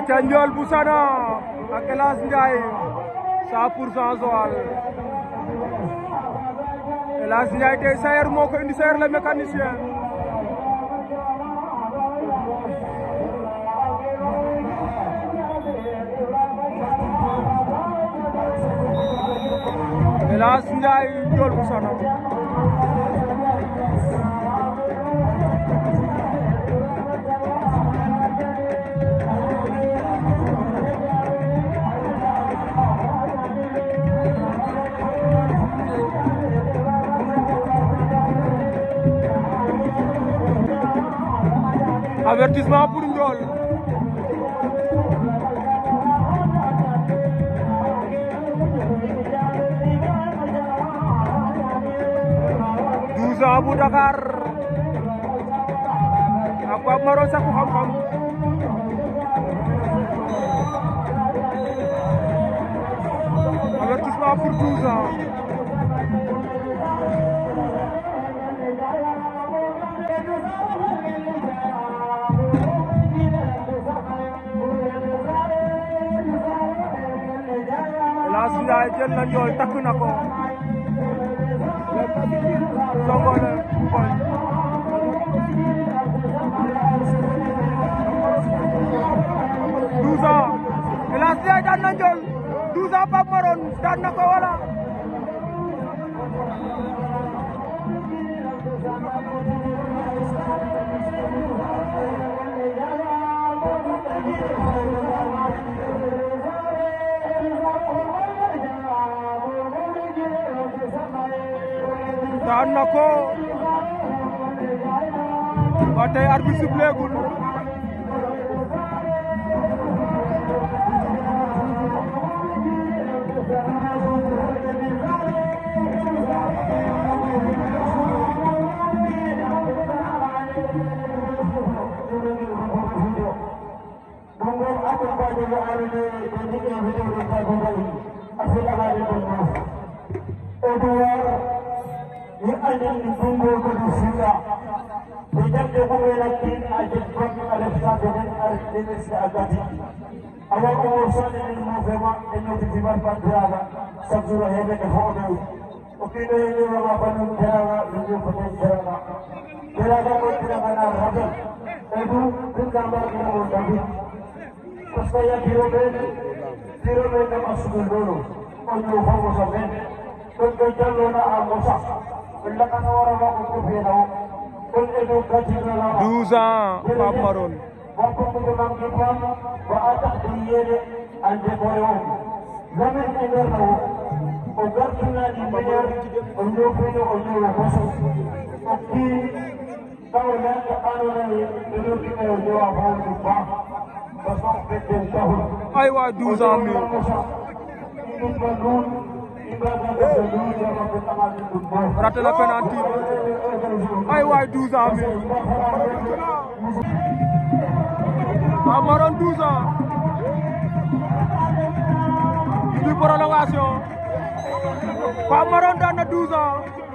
aca Ndiol Sana ak El Hadj Ndiaye 100 pour cent Joal El Hadj Ndiaye tey Sayer moo Sayer le mécanicien avertissement pour Ndiol douze ans bu Dakar ak Pape Maro Sakku xam-xam avertissement pour douze ans Ndiaye jël na njool takk na ko Songo la Ngoñ douze ans Elhadj Ndiaye daan na njool douze ans Pape Maron daan na ko wala daan na ko ba tey arbitre sifleegul Thank you. مؤمن بنبو قدسية بدقق ولكن أجدك ألفت من أرسل سأدتي أول أوصل للموفمة إنه تتبار بندرابة سبزر هيدك هوني وكيلو يلي وما بنون جراوة لنجو فتن جراوة جراوة قلتنا بنا الرجل أدو بالنمبر كنا مولدبي كسبيا كيلومتر كيلومتر مقصود الدولو قلتو فوق صفين قلتو جلونا أموسا 12 ans, ma parole. أيوة 12 ans. raté na penalty ay waay 12 ans mi amaroon ah, 12 ans di prolongation daan na 12